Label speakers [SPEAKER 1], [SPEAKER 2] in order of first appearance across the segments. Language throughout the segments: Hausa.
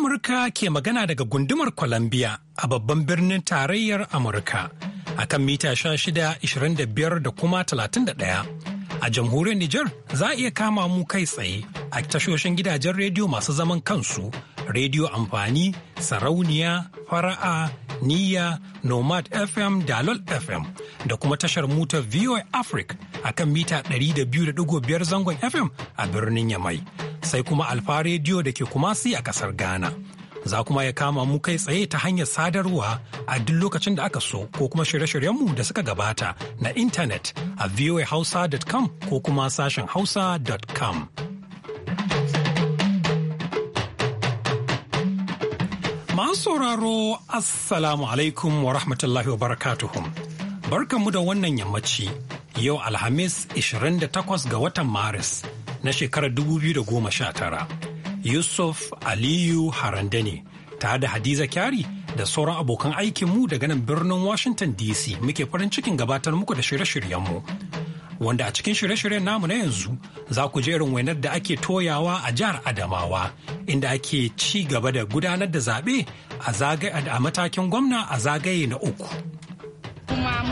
[SPEAKER 1] Amurka ke magana daga gundumar Columbia a babban birnin tarayyar Amurka a kan mita ishirin da kuma 31. A jamhuriyar Nijar za a iya kama mu kai tsaye a tashoshin gidajen rediyo masu zaman kansu, rediyo amfani, sarauniya, fara'a, niyya, nomad FM, dalol FM da kuma tashar motar VOA Africa a kan mita 200.5 zangon FM a birnin Yamai. sai kuma Alfa rediyo da ke Kumasi a kasar Ghana. Za kuma ya kama mu kai tsaye ta hanyar sadarwa a duk lokacin da aka so ko kuma shirye-shiryenmu da suka gabata na intanet a voahausa.com ko kuma sashen hausa.com. Masu sauraro Assalamu alaikum wa rahmatullahi wa barakatuhum. Barkanmu da wannan yammaci yau Alhamis 28 ga watan Maris na shekarar 2019 yusuf aliyu ne tare da hadiza kyari da sauran abokan aikinmu daga nan birnin washington dc muke farin cikin gabatar muku da shirye-shiryenmu wanda a cikin shirye-shiryen namu na yanzu za ku je irin wainar da ake toyawa a jihar Adamawa inda ake ci gaba da gudanar da zaɓe a matakin gwamna a zagaye na uku.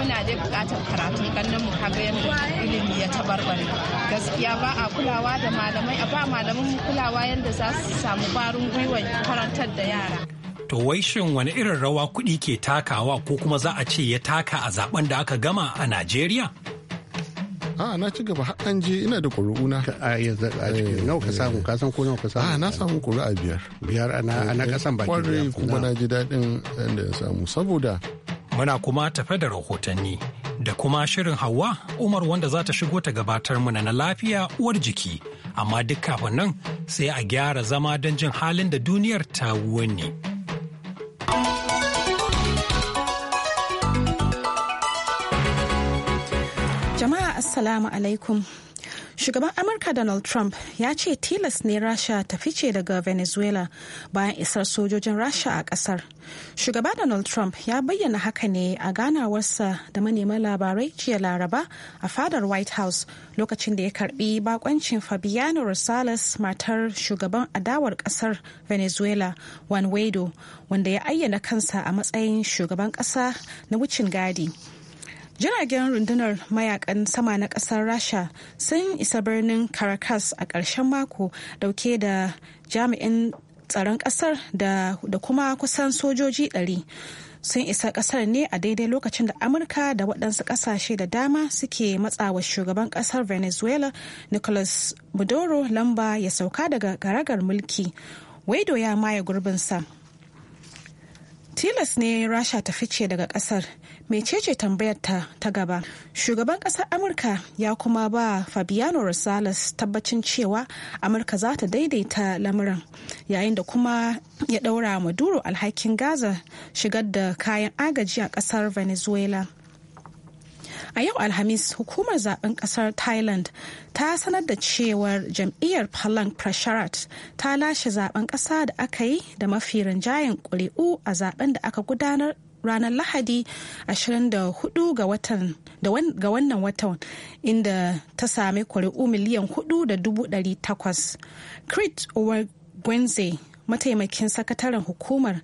[SPEAKER 2] muna dai bukatar karatu kannan
[SPEAKER 3] mu kaga yadda ilimi ya tabarbare gaskiya ba a kulawa da malamai a ba malaman kulawa yadda za su samu barin gwiwa karantar da yara
[SPEAKER 1] to wai shin wani irin rawa kuɗi ke takawa ko kuma za a ce ya taka a zaben da aka gama a najeriya
[SPEAKER 4] a na ci gaba haɗan je ina da ƙuri'una a zaɓa a cikin eh, nawa ka samu eh. ka san ko nawa ka samu a na samu ƙuri'a biyar biyar ana ana kasan eh, baki kwarai kuma na ji daɗin
[SPEAKER 1] da ya samu saboda Muna kuma tafe da rahotanni da kuma shirin Hauwa Umar wanda za ta shigo ta gabatar muna na lafiya uwar jiki, amma duk kafin nan sai a gyara zama don jin halin da duniyar ta wuni.
[SPEAKER 3] Jama'a Assalamu alaikum. shugaban amurka donald trump ya ce tilas ne rasha ta fice daga venezuela bayan isar sojojin rasha a kasar shugaba donald trump ya bayyana haka ne a ganawarsa da manema labarai jiya laraba a fadar white house lokacin da ya karbi bakoncin fabiano rosales matar shugaban adawar kasar venezuela juan guaido wanda ya ayyana kansa a matsayin shugaban kasa na wucin gadi jiragen rundunar mayakan sama na kasar rasha sun isa birnin caracas a ƙarshen mako dauke da jami'in tsaron kasar da kuma kusan sojoji 100 sun isa kasar ne a daidai lokacin da amurka da waɗansu ƙasashe da dama suke matsawa shugaban kasar venezuela nicolas maduro lamba ya sauka daga garagar mulki waido ya maye gurbinsa tilas ne rasha ta fice daga kasar mecece tambayar ta ta gaba shugaban ƙasar amurka ya kuma ba fabiano rosales tabbacin cewa amurka za ta daidaita lamuran yayin da kuma ya ɗaura maduro alhakin gaza shigar da kayan agaji a ƙasar venezuela a yau alhamis hukumar zaben kasar thailand ta sanar da cewar jam'iyyar palang prasharat ta lashe zaben kasa da aka yi da mafi rinjayen ƙuri'u a zaben da aka gudanar ranar lahadi 24 ga wannan watan inda ta sami kuri'u miliyan 4.800 crit gwenze mataimakin sakataren hukumar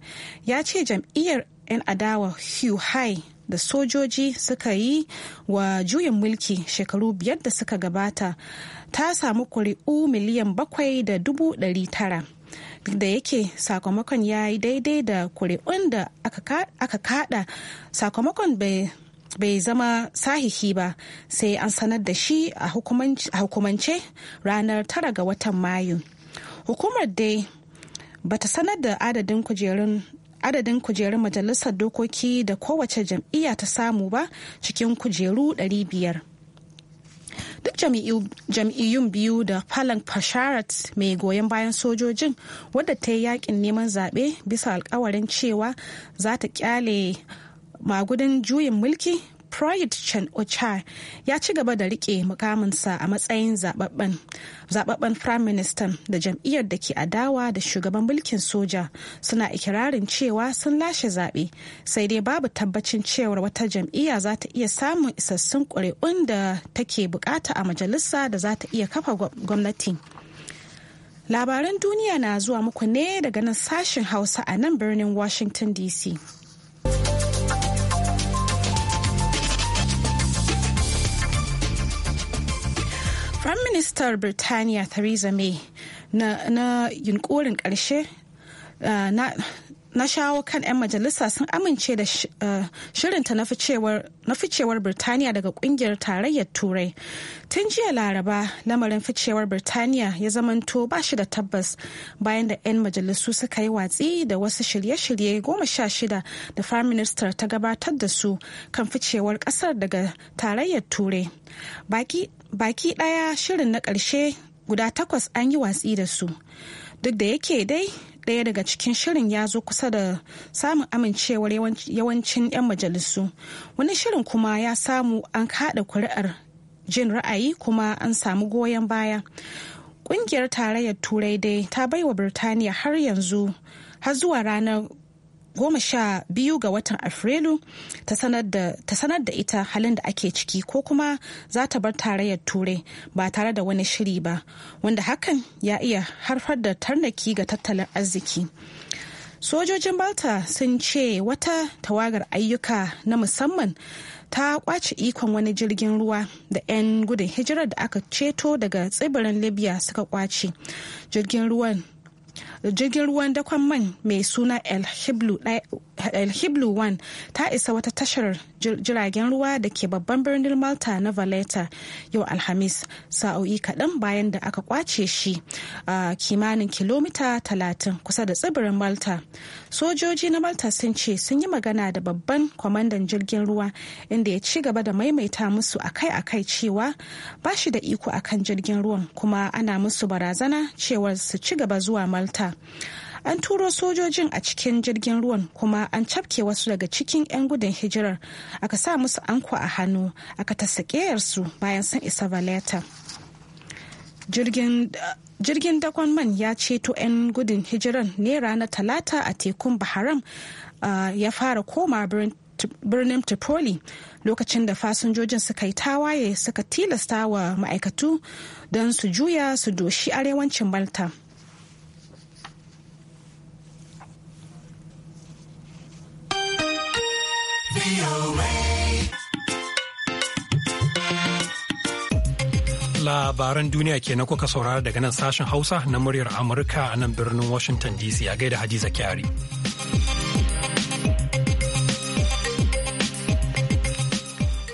[SPEAKER 3] ya ce jam'iyyar 'yan adawa hugh high da sojoji suka yi wa juyin mulki shekaru biyar da suka gabata ta samu kuri'u miliyan bakwai da dubu tara da yake sakamakon ya yi daidai da kuri'un da aka kada sakamakon bai bai zama sahihi ba sai an sanar da shi a hukumance ranar tara ga watan mayu hukumar dai bata sanar da adadin kujerun majalisar dokoki da kowace jam'iyya ta samu ba cikin kujeru 500 duk jam'iyyun biyu da falon fasharat mai goyon bayan sojojin wadda ta yi yakin neman zaɓe bisa alkawarin cewa za ta kyale magudin juyin mulki Prayut Chan Ocha ya ci gaba da rike mukaminsa a matsayin zababben Prime Minister da jam'iyyar da ke adawa da shugaban mulkin soja suna ikirarin cewa sun lashe zaɓe sai dai babu tabbacin cewar wata jam'iyya za ta iya samun isassun ƙuri'un da take bukata a majalisa da za ta iya kafa gwamnati. Labaran duniya na zuwa muku ne daga nan sashen Hausa a nan birnin Washington DC. ministar Birtaniya Theresa May na yunkurin ƙarshe uh, na shawo kan 'yan majalisa sun amince da uh, shirinta na ficewar birtaniya daga kungiyar tarayyar turai tun jiya laraba lamarin ficewar birtaniya ya zamanto ba shi da tabbas bayan da 'yan majalisu suka yi watsi da wasu shirye-shirye goma sha shida da prime minister ta gabatar da su kan ficewar kasar daga tarayyar turai baki daya shirin na karshe guda takwas an yi watsi da su duk da yake dai ɗaya daga cikin shirin ya zo kusa da samun amincewar yawancin 'yan majalisu wani shirin kuma ya samu an kaɗa kuri'ar jin ra'ayi kuma an samu goyon baya ƙungiyar tarayyar turai dai ta baiwa birtaniya har yanzu har zuwa ranar goma sha biyu ga watan afrilu ta sanar da ita halin da ake ciki ko kuma za ta bar tarayyar turai ba tare da wani shiri ba wanda hakan ya iya harfar da tarnaki ga tattalin arziki sojojin malta sun ce wata tawagar ayyuka na musamman ta kwace ikon wani jirgin ruwa da 'yan gudun hijirar da aka ceto daga tsibirin libya suka kwace jirgin ruwan jirgin ruwan dakon man mai suna el hiblu 1 ta isa wata tashar jiragen ruwa da ke babban birnin malta na valletta yau alhamis sa'o'i kaɗan bayan da aka kwace shi a kimanin kilomita 30 kusa da tsibirin malta sojoji na malta sun ce sun yi magana da babban kwamandan jirgin ruwa inda ya ci gaba da maimaita musu akai-akai cewa ba shi da iko akan jirgin ruwan kuma ana musu barazana cewar su ci gaba zuwa malta an turo sojojin a cikin jirgin ruwan kuma an cafke wasu daga cikin 'yan gudun hijirar aka sa musu anko a hannu aka ta su bayan sun isa valeta jirgin dakon man ya ceto 'yan gudun hijirar ne ranar talata a tekun baharam ya fara koma birnin tripoli lokacin da fasinjojin suka yi tawaye suka tilasta wa ma'aikatu don su juya su doshi arewancin malta
[SPEAKER 1] labaran duniya ke na kuka saurara daga nan sashen hausa na muryar amurka a nan birnin washington dc a gaida hadiza kyari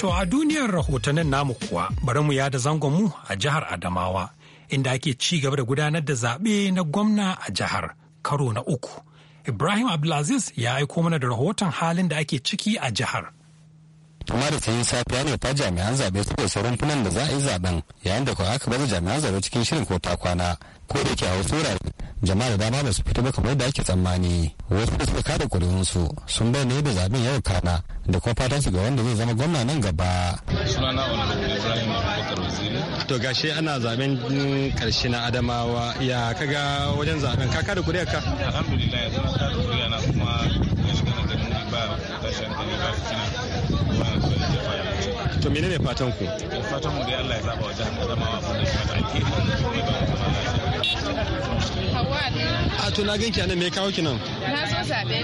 [SPEAKER 1] to a duniyar rahotannin namu kuwa bari mu yada mu a jihar adamawa inda ake ci gaba da gudanar da zaɓe na gwamna a jihar karo na uku ibrahim abdulaziz ya aiko mana da rahoton halin da ake ciki a jihar kuma da yi safiya ne ta jami'an zabe
[SPEAKER 5] suka isa rumfunan da za a yi zaben yayin da kuwa aka baza jami'an zabe cikin shirin ko ta kwana ko da ke a wasu wurare jama'a da dama ba su fita ba kamar da ake tsammani wasu da suka kada kuri'unsu sun ne da zaben yau kana da kuma fatan su ga wanda zai zama gwamna nan gaba. sunana honorable ibrahim abubakar waziri. to gashi ana zaben karshe na adamawa ya
[SPEAKER 1] kaga wajen zaben ka kada kuri'a ka. alhamdulillah yanzu na
[SPEAKER 5] kada kuri'a na kuma gashi
[SPEAKER 4] ganin ba tashin ba
[SPEAKER 1] to menene fatan ku
[SPEAKER 4] fatan mu dai Allah ya zaba wa jihar Adamawa abin da shi mata alheri ne ba kuma
[SPEAKER 5] lafiya a to na ganki anan me ya kawo ki nan na zo zabe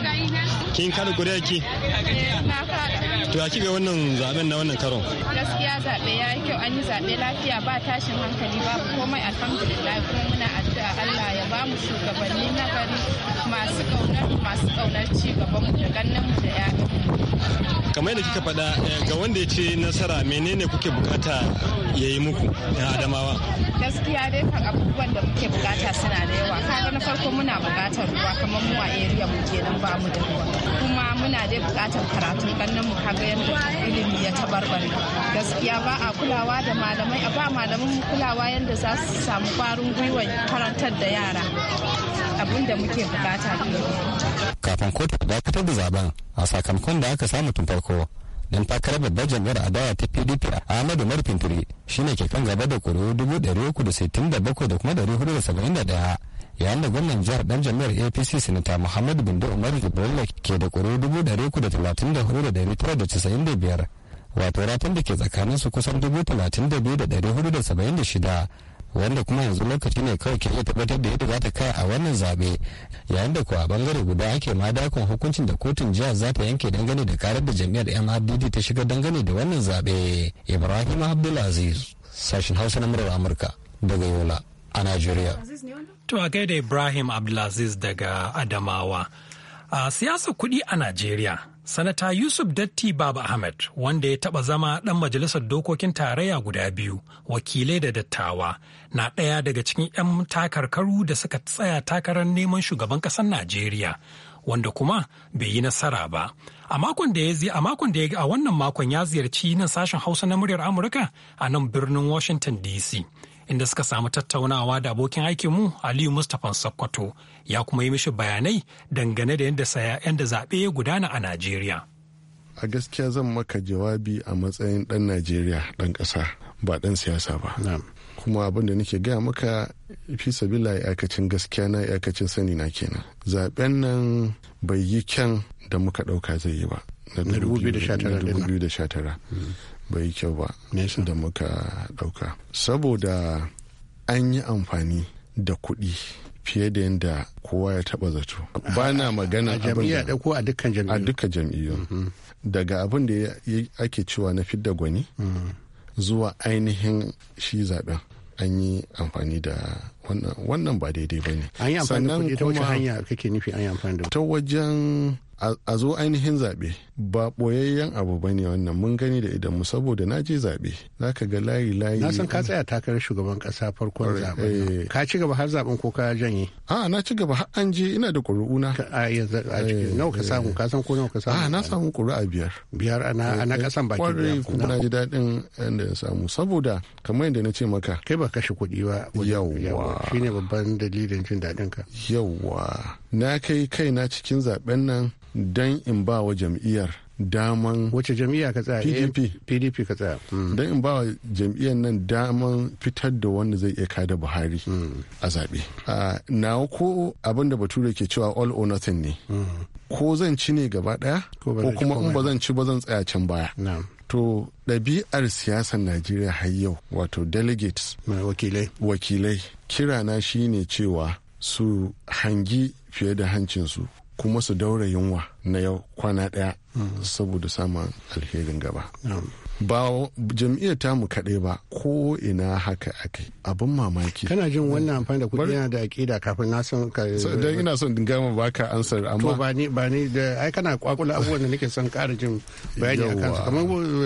[SPEAKER 5] kin kada
[SPEAKER 1] kuriya ki eh, na kada to ya kiga wannan zaben na wannan karon
[SPEAKER 3] gaskiya zabe ya yi kyau an yi zabe lafiya ba tashin hankali babu komai alhamdulillah ko muna Allah ya ba mu shugabanni na gari masu kaunar masu kaunar ci gaban mu da
[SPEAKER 2] ganin mu da yaya.
[SPEAKER 1] kamar yadda kika faɗa eh, ga wanda ya ce nasara menene kuke
[SPEAKER 5] bukata ya yi muku na adamawa
[SPEAKER 3] gaskiya dai kan abubuwan da muke bukata suna da yawa kaga na farko muna bukatar ruwa kamar mu a area mu kenan ba mu da ruwa kuma muna dai bukatar karatu kannan mu kaga yadda ilimi ya tabarbare gaskiya ba a kulawa da malamai a ba malaman mu kulawa yadda za su samu kwarin gwiwa ilmantar da yara abin da muke bukata
[SPEAKER 4] kafin kotu a dakatar da zaben
[SPEAKER 5] a sakamakon da aka samu tun farko dan takarar babbar jam'iyyar adawa ta pdp ahmadu marfin turi shine ke kan gaba da kuri'u dubu ɗari uku da sittin da bakwai da kuma ɗari hudu da saba'in da ɗaya yayin da gwamnan jihar dan jam'iyyar apc sinata muhammadu bindo umar jibrila ke da kuri'u dubu ɗari uku da talatin da hudu da ɗari tara da casa'in da biyar wato ratan da ke tsakanin su kusan dubu talatin da biyu da ɗari hudu da saba'in da shida wanda kuma yanzu lokaci ne kawai ke iya tabbatar da
[SPEAKER 6] yadda za ta kai a wannan zabe yayin da kuwa bangare guda ake ma dakon hukuncin da kotun jiya za ta yanke dangane da karar da jami'ar mrdd ta shiga dangane da wannan zabe ibrahim
[SPEAKER 1] abdulaziz sashen hausa na murar amurka daga yola a nigeria to a gaida ibrahim abdulaziz daga adamawa A siyasar kuɗi a Najeriya, Sanata Yusuf Datti Baba Ahmed, wanda ya taɓa zama ɗan majalisar dokokin tarayya guda biyu, wakilai da dattawa, na ɗaya daga cikin 'yan takarkaru da suka tsaya takarar neman shugaban ƙasar Najeriya, wanda kuma bai yi nasara ba. A makon da ya a makon da ya a wannan makon ya ziyarci nan sashen Hausa na muryar Amurka a nan birnin Washington DC. inda suka samu tattaunawa da abokin aikinmu Aliyu Mustapha Sokoto ya kuma yi mishi bayanai dangane da yadda yadda zaɓe ya gudana a Najeriya.
[SPEAKER 4] A gaskiya zan maka jawabi a matsayin ɗan Najeriya ɗan ƙasa ba ɗan siyasa ba. Kuma abin da nake gaya maka fi sabila iyakacin gaskiya na yakacin sani na kenan. Zaɓen nan bai yi kyan da muka ɗauka zai yi ba. Na 2019. bai kyau ba da muka ɗauka saboda an yi amfani da kuɗi fiye da yadda kowa ya taba zato ba na magana a mm-hmm. daga abin da ake cewa na fidda gwani mm. zuwa ainihin shi zaben an yi amfani da wannan ba daidai ba ne an yi amfani da kuɗi ta wace hanya kake nufi an yi amfani da ta wajen a zo ainihin zaɓe ba ɓoyayyen abu ba ne wannan mun gani da idan saboda na je zaɓe za ka ga layi layi na san ka tsaya takarar shugaban ƙasa farkon zaɓen eh. ka ci gaba har zaɓen ko ka janye a ah, na ci gaba har an je ina da ƙuri'u na a yanzu a cikin eh, nawa ka eh. samu ka san ko nawa ka samu a ah, na samu ƙuri'a biyar biyar a na ƙasan baki biyar kuma na ji daɗin yadda na samu saboda kamar yadda na ce maka kai ba kashe kuɗi ba yawwa shine babban dalilin jin daɗin ka yawwa na kai kaina cikin zaben nan don in ba wa jam'iyyar daman wace jam'iyya ka tsaya pdp pdp eh, ka tsaya hmm. Dan in ba wa jam'iyyar nan daman fitar da wanda zai iya da buhari hmm. a zaɓe na ko abin da bature ke cewa all or nothing ne hmm. ko zan ci ne gaba ɗaya ko kuma in ba zan ci ba zan tsaya can baya to ɗabi'ar siyasar najeriya har yau wato delegates wakilai wakilai kirana shine cewa su hangi fiye da hancinsu kuma su daura yunwa na yau kwana ɗaya mm. saboda samun alherin gaba. ba jam'iyyar tamu kaɗai ba ko ina haka ake abin mamaki kana jin wannan amfani da kuɗi yana da aƙida kafin na son ka dan ina son in gama baka ansar amma to ba ni ba ni da ai kana kwakula abubuwan da nake son ƙara jin bayani akan su kamar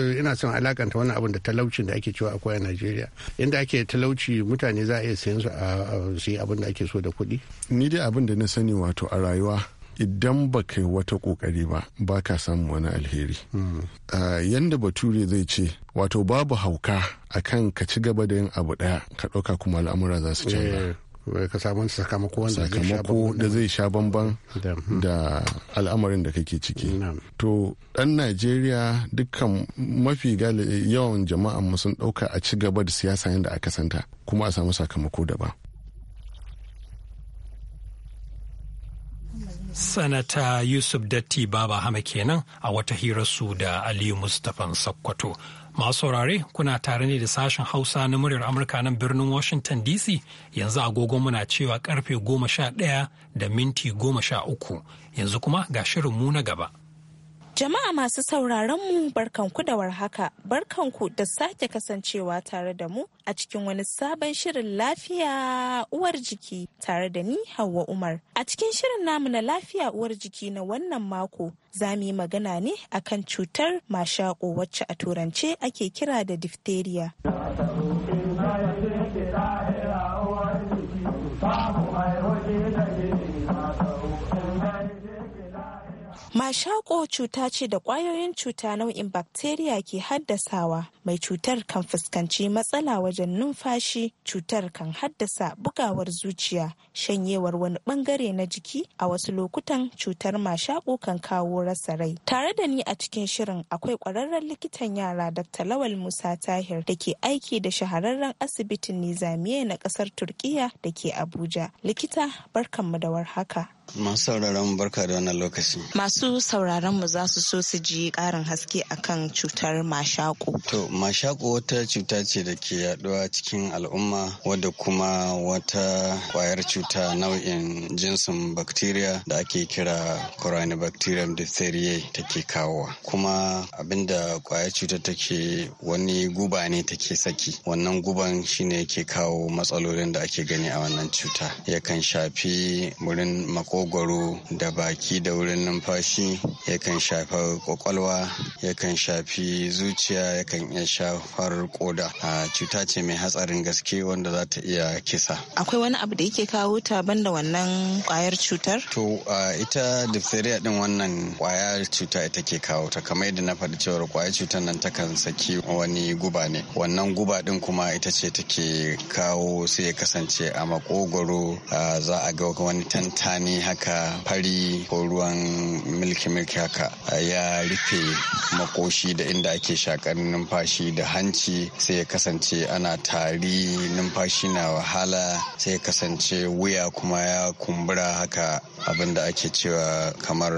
[SPEAKER 4] eh, ina son alakanta wannan abin da talaucin da ake cewa akwai a Najeriya inda ake talauci mutane za a iya sayan su a su yi abin da ake so da kuɗi ni dai abin da na sani wato a rayuwa idan ba kai wata kokari ba ba ka samu wani alheri hmm. yanda bature zai ce wato babu hauka akan ka ci gaba da yin abu daya ka ɗauka kuma al'amura za su canza eh, ka samu sakamako da zai sha bamban da hmm. al'amarin da kake ciki to dan najeriya dukkan mafi yawan jama'a mu sun ɗauka a ci gaba da siyasa yadda aka santa kuma a samu sakamako daban
[SPEAKER 1] sanata yusuf datti baba hama kenan a wata hirarsu da aliyu mustapha sakkwato masu saurare kuna tare ne da sashen hausa na muryar amurka nan birnin washington dc yanzu agogo muna cewa karfe goma sha ɗaya da minti goma sha uku yanzu kuma ga shirinmu na gaba
[SPEAKER 2] Jama'a masu sauraron mu barkanku da warhaka, barkanku da sake kasancewa tare da mu a cikin wani sabon shirin lafiya uwar jiki tare da ni Hauwa Umar. A cikin shirin namu na lafiya uwar jiki na wannan mako za mu yi magana ne akan cutar mashako wacce a turance ake kira da diphtheria. Mashako cuta ce da ƙwayoyin cuta nau'in bakteriya ke haddasawa mai cutar kan fuskanci matsala wajen numfashi cutar kan haddasa bugawar zuciya shanyewar wani bangare na jiki a wasu lokutan cutar mashaƙo kan kawo rasa rai tare da ni a cikin shirin akwai ƙwararren likitan yara dr lawal musa tahir da ke aiki da shahararren asibitin nizamiya na ƙasar turkiya da ke abuja likita barkanmu da warhaka
[SPEAKER 5] Masu sauraron barka da wannan lokaci.
[SPEAKER 2] Masu sauraron mu za su so su ji ƙarin haske akan cutar mashako.
[SPEAKER 5] To, Mashaƙo wata cuta ce da ke yaduwa cikin al'umma wadda kuma wata kwayar cuta nau'in jinsin bacteria da ake kira corynebacterium diphtheriae take kawowa kuma abinda kwayar cuta take wani guba ne take saki wannan guban shine ke kawo matsalolin da ake gani a wannan cuta yakan shafi wurin makogwaro da baki da wurin numfashi yakan shafi kwakwalwa yakan shafi zuciya yakan na shafar koda cuta ce mai hatsarin gaske wanda za ta iya kisa
[SPEAKER 2] akwai wani abu da yake kawo ta banda wannan kwayar cutar
[SPEAKER 5] to ita diphtheria din wannan kwayar cuta ita ke kawo ta kamar yadda na faɗi cewar kwayar cutar nan takan saki wani guba ne wannan guba din kuma ita ce take kawo sai ya kasance a makogwaro za a ga wani tantani haka fari ko ruwan milki milki haka ya rufe makoshi da inda ake shakar numfashi numfashi da hanci sai ya kasance ana tari numfashi na wahala sai ya kasance wuya kuma ya kumbura haka abin ake cewa kamar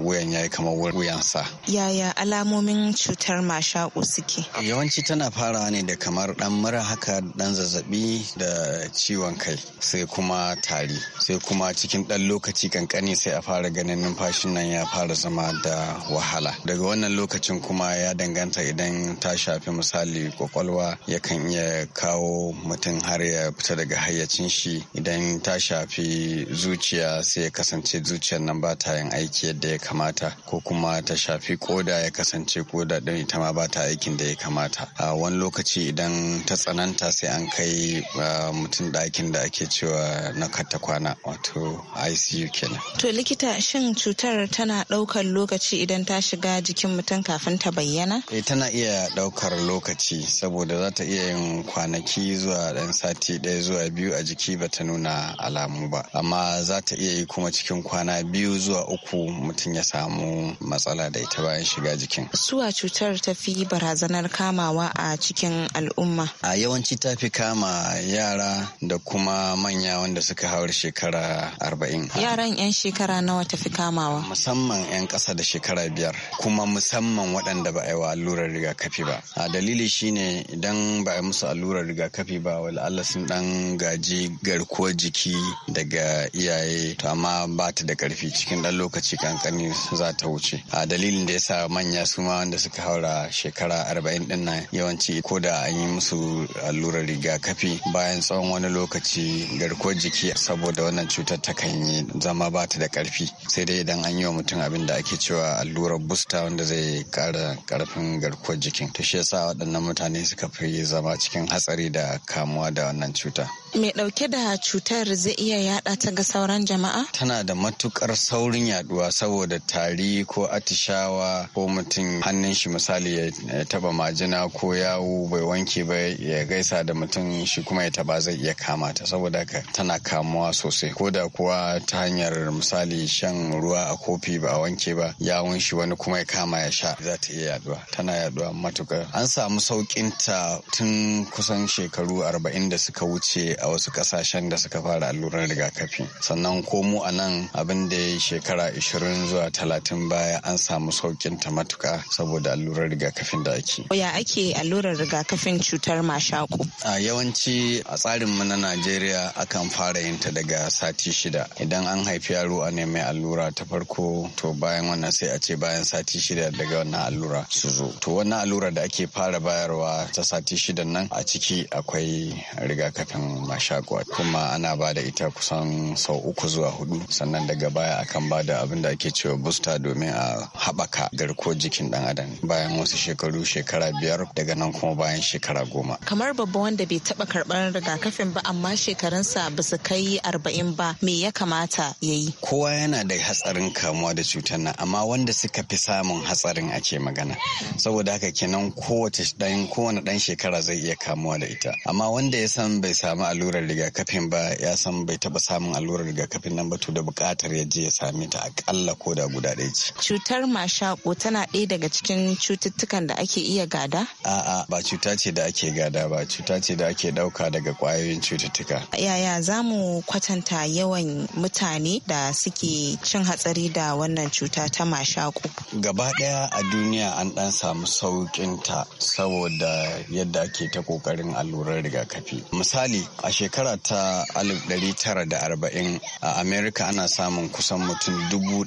[SPEAKER 5] wuyan ya yi kamar wuyansa.
[SPEAKER 2] Yaya alamomin cutar mashaƙo suke?
[SPEAKER 5] Yawanci tana farawa ne da kamar ɗan mura haka ɗan zazzabi da ciwon kai sai kuma tari sai kuma cikin ɗan lokaci kankani sai a fara ganin numfashin nan ya fara zama da wahala. Daga wannan lokacin kuma ya danganta idan ta sha shafi misali kwakwalwa yakan iya kawo mutum har ya fita daga hayyacin shi idan ta shafi zuciya sai ya kasance zuciyar nan ba ta yin aiki yadda ya kamata ko kuma ta shafi koda ya kasance koda din ita ma ba ta aikin da ya kamata a wani lokaci idan ta tsananta sai an kai mutum ɗakin da ake cewa na katta kwana wato icu kenan
[SPEAKER 2] to likita shin cutar tana ɗaukar lokaci idan ta shiga jikin mutum kafin ta bayyana
[SPEAKER 5] eh, tana iya ɗaukar ɗaukar lokaci saboda za ta iya yin kwanaki zuwa ɗan sati ɗaya zuwa biyu a jiki ba ta nuna alamu ba amma za ta iya yi kuma cikin kwana biyu zuwa uku mutum ya samu matsala da ita bayan shiga jikin.
[SPEAKER 2] Suwa cutar ta fi barazanar kamawa a cikin
[SPEAKER 5] al'umma? A yawanci ta fi kama yara da kuma manya wanda suka haura shekara arba'in. Yaran
[SPEAKER 2] 'yan shekara nawa ta fi kamawa?
[SPEAKER 5] Musamman 'yan ƙasa da shekara biyar kuma musamman waɗanda ba a yi wa allurar rigakafi ba. a dalili shine idan ba a musu allurar rigakafi ba Allah sun dan gaji garkuwar jiki daga iyaye to amma ba ta da karfi cikin dan lokaci kankani za ta wuce a dalilin da yasa manya su ma wanda suka haura shekara arba'in din na yawanci ko da an yi musu allurar rigakafi bayan tsawon wani lokaci garkuwar jiki saboda wannan cutar ta kan yi zama ba ta da karfi sai dai idan an yi wa mutum abin da ake cewa allurar busta wanda zai kara karfin garkuwar jikin to shi shi yasa waɗannan mutane suka fi zama cikin hatsari da kamuwa da wannan cuta.
[SPEAKER 2] mai dauke da cutar zai iya yada ta ga sauran jama'a?
[SPEAKER 5] Tana da matukar saurin yaduwa saboda tari ko atishawa ko mutum hannun shi misali ya taba majina ko yawo bai wanke ba ya gaisa da mutum shi kuma ya taba zai iya kamata ta saboda ka tana kamuwa sosai ko da kuwa ta hanyar misali shan ruwa a kofi ba a wanke ba yawon shi wani kuma ya kama ya sha za ta iya yaduwa tana yaduwa matukar an samu saukin ta tun kusan shekaru arba'in da suka wuce a wasu kasashen da suka fara allurar rigakafi sannan ko mu a nan abin da ya shekara 20 zuwa 30 baya an samu saukin ta matuka saboda allurar rigakafin da ake
[SPEAKER 2] ya ake allurar rigakafin cutar mashaku
[SPEAKER 5] a yawanci a tsarin mu na najeriya akan fara yin ta daga sati shida idan an haifi yaro a ne mai allura ta farko to bayan wannan sai a ce bayan sati shida daga wannan allura su zo to wannan allura da ake fara bayarwa ta sati shida nan a ciki akwai rigakafin mashakwa kuma ana ba da ita kusan sau uku zuwa hudu sannan daga baya akan ba da abin da ake cewa booster domin a haɓaka garkuwar jikin dan adam bayan wasu shekaru shekara biyar daga nan kuma bayan shekara goma.
[SPEAKER 2] Kamar babba wanda bai taba karɓar rigakafin ba amma shekarunsa ba su kai arba'in ba me ya kamata
[SPEAKER 5] ya yi? Kowa yana da hatsarin kamuwa da cutar nan amma wanda suka fi samun hatsarin ake magana saboda haka kenan kowace dan kowane ɗan shekara zai iya kamuwa da ita amma wanda ya san bai samu allurar rigakafin ba ya san bai taba samun allurar rigakafin nan ba to da bukatar ya je ya same ta akalla ko da guda ɗaya ce.
[SPEAKER 2] Cutar mashako tana ɗaya daga cikin cututtukan da ake iya gada?
[SPEAKER 5] A'a ba cuta ce da ake gada ba cuta ce da ake ɗauka daga ƙwayoyin cututtuka.
[SPEAKER 2] Yaya za mu kwatanta yawan mutane da suke cin hatsari da wannan cuta ta mashako?
[SPEAKER 5] Gaba ɗaya a duniya an ɗan samu sauƙinta saboda yadda ake ta ƙoƙarin allurar rigakafi. Misali a a shekara ta 1940 a Amerika ana samun kusan mutum dubu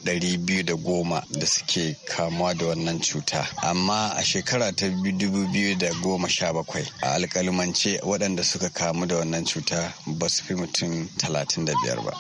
[SPEAKER 5] da goma da suke kamuwa da wannan cuta amma a shekara ta dubu biyu sha bakwai a alkalimance waɗanda suka kamu da wannan cuta ba su fi mutum talatin da biyar ba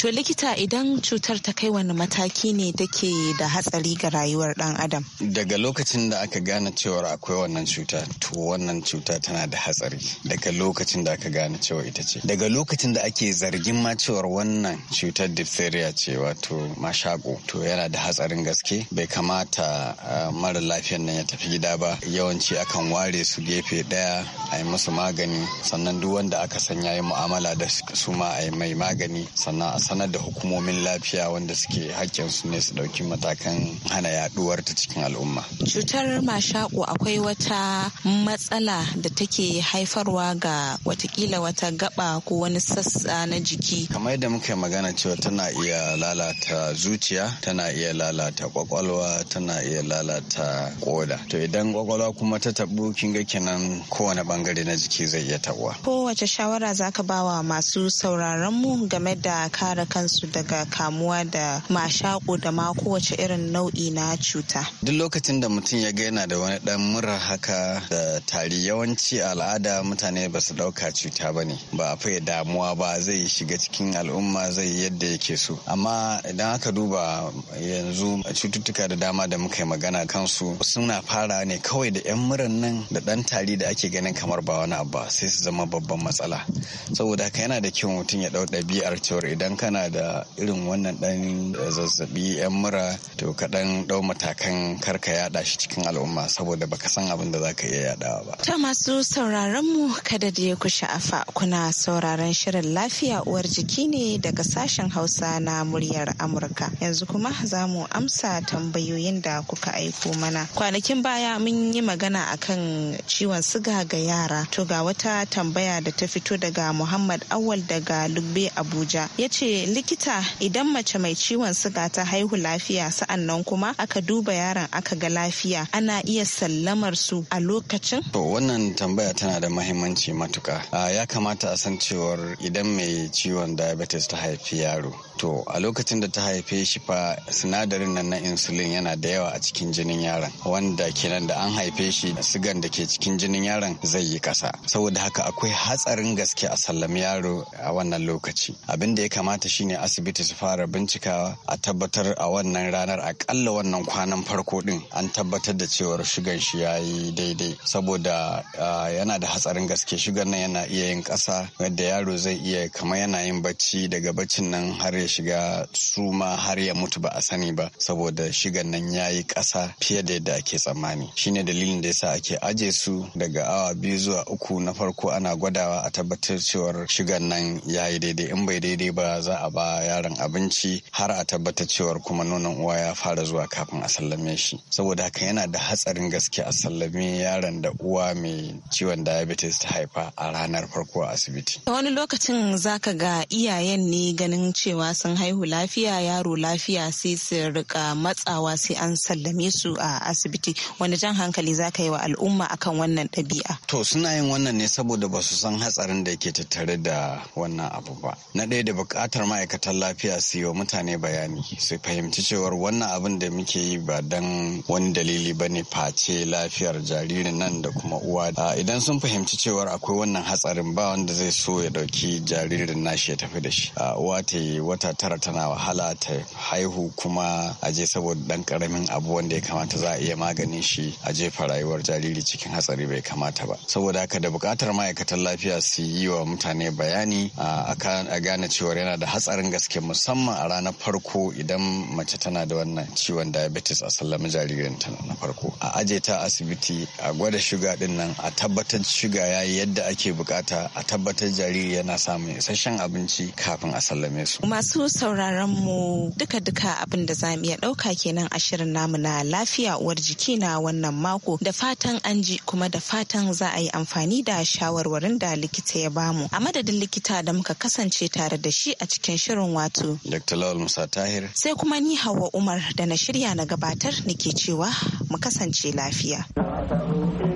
[SPEAKER 2] to likita idan cutar ta kai wani mataki ne take da hatsari ga rayuwar ɗan adam
[SPEAKER 5] daga lokacin da aka gane cewar akwai wannan cuta to wannan cuta tana da hatsari daga lokacin da aka gane cewa ita ce daga lokacin da ake zargin ma cewar wannan cutar diphtheria ce wato mashaƙo to yana da hatsarin gaske bai kamata mara lafiyan nan ya tafi gida ba yawanci akan ware su gefe ɗaya a yi musu magani sannan duk wanda aka san yayi mu'amala da su ma a yi mai magani sannan a sanar da hukumomin lafiya wanda suke hakkin su ne su ɗauki matakan hana yaduwar ta cikin al'umma.
[SPEAKER 2] Cutar mashaƙo akwai wata matsala da take haifarwa ga watakila wata gaba ko wani sassa na jiki
[SPEAKER 5] kamar yadda muka yi magana cewa tana iya lalata zuciya tana iya lalata kwakwalwa tana iya lalata koda to idan kwakwalwa kuma ta tabu kin ga kenan kowane bangare na jiki zai iya tabuwa
[SPEAKER 2] kowace shawara zaka bawa masu sauraron mu game da kare kansu daga kamuwa da mashako da ma kowace irin nau'i na cuta
[SPEAKER 5] duk lokacin da mutum ya ga yana da wani dan mura haka da tari yawanci al'ada mutane ba su dauka cuta ba ne ba a faye damuwa ba zai shiga cikin al'umma zai yadda yake so amma idan aka duba yanzu cututtuka da dama da muka yi magana kansu suna fara ne kawai da 'yan muran nan da dan tari da ake ganin kamar ba wani abu sai su zama babban matsala saboda haka yana da kyau mutum ya ɗau ɗabi'ar cewar idan kana da irin wannan dan zazzabi 'yan mura to ka dan ɗau matakan karka yaɗa shi cikin al'umma saboda baka san abin da zaka iya yaɗawa ba.
[SPEAKER 2] ta masu sauraron mu kada da ya ku sha'afa Kuna sauraron shirin lafiya uwar jiki ne daga sashen Hausa na muryar Amurka. Yanzu kuma za mu amsa tambayoyin da kuka aiko mana. Kwanakin baya mun yi magana akan ciwon siga ga yara. To ga wata tambaya da ta fito daga Muhammad Awal daga Lugbe Abuja. Ya ce likita idan mace mai ciwon siga ta haihu lafiya sa'an nan kuma aka duba yaron aka ga lafiya ana iya sallamar su a lokacin?
[SPEAKER 5] To wannan tambaya tana da mahimmanci matuka. Ah, ya kamata kamata a san cewar idan mai ciwon diabetes ta haifi yaro to a lokacin da ta haife shi fa sinadarin nan na insulin yana da yawa a cikin jinin yaron wanda kenan da an haife shi sugan da ke cikin jinin yaron zai yi kasa saboda haka akwai hatsarin gaske a sallami yaro a wannan lokaci abin da ya kamata shine asibiti su fara bincika a tabbatar a wannan ranar akalla wannan kwanan farko din an tabbatar da cewar shugan shi ya yi daidai saboda ah, yana da hatsarin gaske shugan nan yana iya yin kasa ƙasa wadda yaro zai iya kamar yana yin bacci daga baccin nan har ya shiga suma har ya mutu ba a sani ba saboda shigan nan ya yi ƙasa fiye da yadda ake tsammani shine dalilin da yasa ake aje su daga awa biyu zuwa uku na farko ana gwadawa a tabbatar cewar shigan nan ya yi daidai in bai daidai ba za a ba yaron abinci har a tabbatar cewar kuma nonon uwa ya fara zuwa kafin a sallame shi saboda haka yana da hatsarin gaske a sallame yaron da uwa mai ciwon diabetes ta haifa a ranar farko a asibiti.
[SPEAKER 2] Wani lokacin zaka ga iyayen ne ganin cewa sun haihu lafiya yaro lafiya sai su rika matsawa sai an sallame su a asibiti wani jan hankali zaka yi wa al'umma akan wannan ɗabi'a.
[SPEAKER 5] To suna yin wannan ne saboda ba su san hatsarin da ke tattare da wannan abu ba. Na ɗaya da buƙatar ma'aikatan lafiya su yi wa mutane bayani su fahimci cewar wannan abin da muke yi ba dan wani dalili ba ne face lafiyar jaririn nan da kuma uwa. Idan sun fahimci cewar akwai wannan hatsarin ba wanda zai so ya dauki jaririn nashi ya tafi da shi uwa ta yi wata tara tana wahala ta haihu kuma a je saboda dan karamin abu wanda ya kamata za a iya maganin shi a jefa rayuwar jariri cikin hatsari bai kamata ba saboda haka da bukatar ma'aikatan lafiya su yi wa mutane bayani a gane cewa yana da hatsarin gaske musamman a ranar farko idan mace tana da wannan ciwon diabetes a sallama jaririn ta na farko a aje ta asibiti a gwada shuga din nan a tabbatar shuga yayi yadda ake bukata a tabbatar jariri yana samun isasshen abinci kafin a sallame su.
[SPEAKER 2] Masu sauraron mu duka-duka abin da za mu iya ɗauka kenan a shirin namu na lafiya uwar jiki na wannan mako da fatan an ji kuma da fatan za a yi amfani da shawarwarin da likita ya bamu. A madadin likita da muka kasance tare da shi a cikin shirin wato.
[SPEAKER 5] Dr. Lawal Musa Tahir.
[SPEAKER 2] Sai kuma ni Hauwa Umar da na shirya na gabatar nake cewa mu kasance lafiya.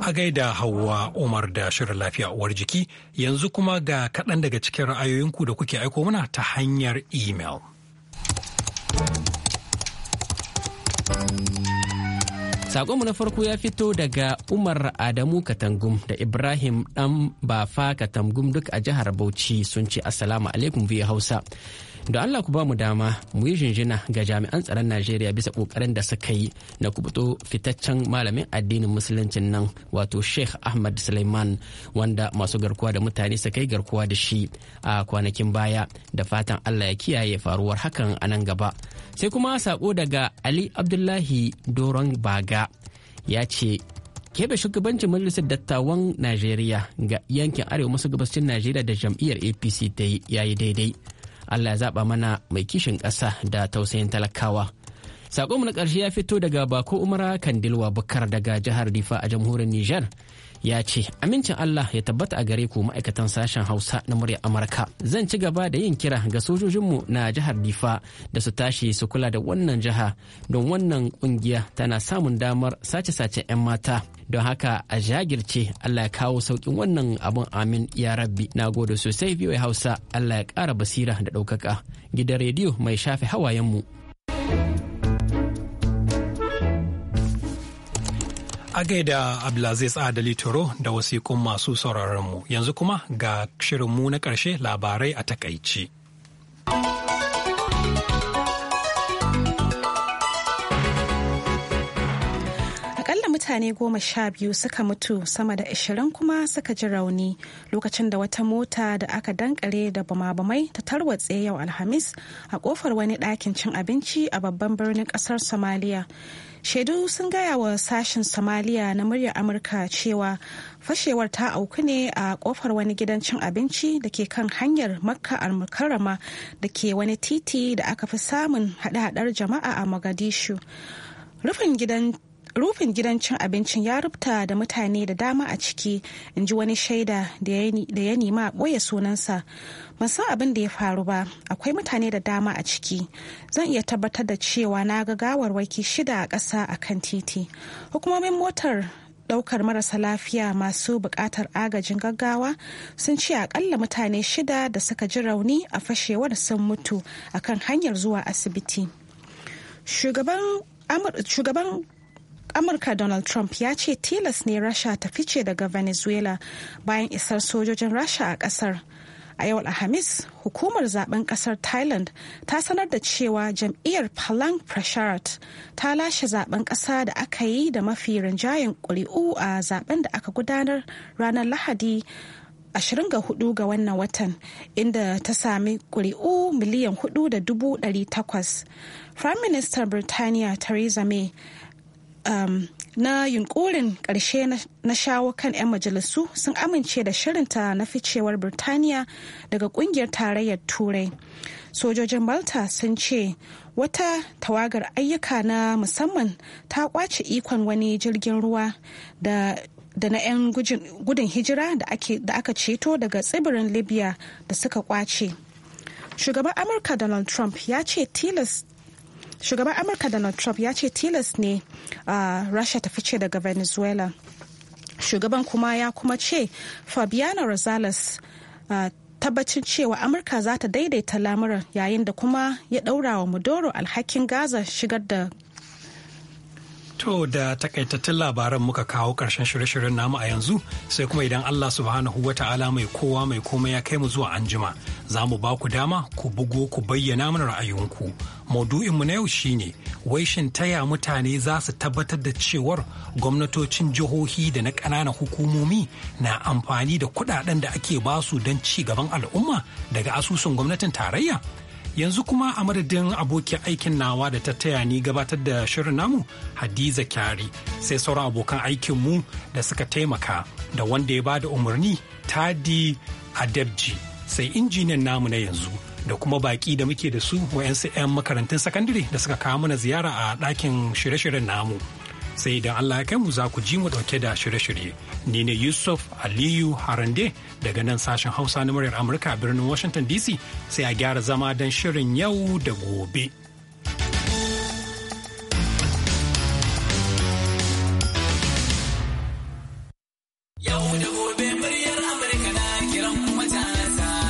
[SPEAKER 1] A gaida Hauwa Umar da shirin lafiya uwar jiki yanzu kuma ga kaɗan daga cikin ra'ayoyinku da kuke aiko mana ta hanyar email.
[SPEAKER 6] saƙonmu na farko ya fito daga Umar Adamu Katangum da Ibrahim Dan Bafa Katangum duk a jihar Bauchi sun ce Assalamu alaikum biyu Hausa. da Allah ku ba mu dama mu yi jinjina ga jami'an tsaron Najeriya bisa kokarin da suka yi na kubuto fitaccen malamin addinin musuluncin nan wato Sheikh Ahmad Suleiman wanda masu garkuwa da mutane suka yi garkuwa da shi a kwanakin baya da fatan Allah ya kiyaye faruwar hakan a nan gaba sai kuma sako daga Ali Abdullahi Doron Baga ya ce keɓe shugabancin majalisar dattawan najeriya ga yankin arewa masu gabashin najeriya da jam'iyyar apc ta yi yayi daidai Allah ya zaɓa mana mai kishin ƙasa da tausayin talakawa. Sakonmu na ƙarshe ya fito daga Bako Umara Kandilwa Bukar daga jihar Difa a jamhuriyar Nijar. ya ce amincin Allah ya tabbata a gare ku ma'aikatan sashen Hausa na muryar Amurka. Zan ci gaba da yin kira ga sojojinmu na jihar Difa da su tashi su kula da wannan jiha don wannan kungiya tana samun damar sace-sace 'yan mata. Don haka a jagirce Allah ya kawo saukin wannan abun amin ya rabbi. Na gode sosai biyu Hausa Allah ya ƙara basira da ɗaukaka. Gidan rediyo mai shafe hawayenmu. A
[SPEAKER 1] gaida Abdulaziz Adali Toro da wasiƙun masu sauraronmu yanzu kuma ga shirinmu na ƙarshe labarai a takaici.
[SPEAKER 3] mutane goma sha biyu suka mutu sama da ashirin kuma suka ji rauni lokacin da wata mota da aka dankare da bamabamai ta tarwatse yau alhamis a kofar wani ɗakin cin abinci a babban birnin ƙasar somaliya shaidu sun gaya wa sashen somaliya na muryar amurka cewa fashewar ta auku ne a kofar wani gidan cin abinci da ke kan hanyar makka al-mukarrama da ke wani titi da aka fi samun hada-hadar jama'a a mogadishu rufin gidan rufin gidan cin abincin ya rubuta da mutane da dama a ciki in ji wani shaida da ya nima a ɓoye sunansa ban san abin da ya faru ba akwai mutane da dama a ciki zan iya tabbatar da cewa na ga gawarwaki shida a ƙasa a kan titi hukumomin motar ɗaukar marasa lafiya masu buƙatar agajin gaggawa sun ce akalla mutane shida da suka ji rauni a fashewar sun mutu akan hanyar zuwa asibiti shugaban amurka donald trump ya ce tilas ne rasha ta fice daga venezuela bayan isar sojojin rasha a kasar a yau alhamis hukumar zaben kasar thailand ta sanar da cewa jam'iyyar palang prasharat ta lashe zaben ƙasa da aka yi da mafi rinjayen ƙuri'u a zaben da aka gudanar ranar lahadi 24 ga wannan watan inda ta sami ƙuri'u miliyan 4.8 prime minister birtaniya theresa may um, na yunkurin ƙarshe na shawo kan 'yan majalisu sun amince da shirinta na ficewar birtaniya daga ƙungiyar tarayyar turai sojojin malta sun ce wata tawagar ayyuka na musamman ta kwace ikon wani jirgin ruwa da da na 'yan gudun hijira da aka ceto daga tsibirin libya da suka kwace shugaban amurka donald trump ya ce tilas shugaban amurka donald trump ya ce tilas ne a rasha ta fice daga venezuela shugaban kuma ya kuma ce fabiana rosales tabbacin cewa amurka za ta daidaita lamuran yayin da kuma ya daura wa mudoro alhakin gaza shigar da
[SPEAKER 1] To da takaitattun labaran muka kawo ƙarshen shirye-shiryen namu a yanzu sai kuma idan Allah subhanahu wa ta'ala mai kowa mai komai ya kai mu zuwa anjima za mu ba ku dama ku bugo ku bayyana mana ra'ayinku. Maudu'inmu na yau shine wai shin taya mutane za su tabbatar da cewar gwamnatocin jihohi da na ƙananan hukumomi na amfani da kuɗaɗen da ake basu don ci gaban al'umma daga asusun gwamnatin tarayya. yanzu kuma a madadin abokin aikin nawa da ta taya ni gabatar da shirin namu hadiza kyari sai sauran abokan aikinmu da suka taimaka da wanda ya bada umarni tadi adabji sai injiniyan namu na yanzu da kuma baki da muke da su wa'yansu 'yan makarantun sakandare da suka kawo mana ziyara a ɗakin shirye-shiryen namu sai idan Allah ya kai mu za ku ji mu dauke da shirye-shirye. Ni ne Yusuf Aliyu Harande daga nan sashen Hausa na muryar Amurka birnin Washington DC sai a gyara zama don shirin yau da gobe.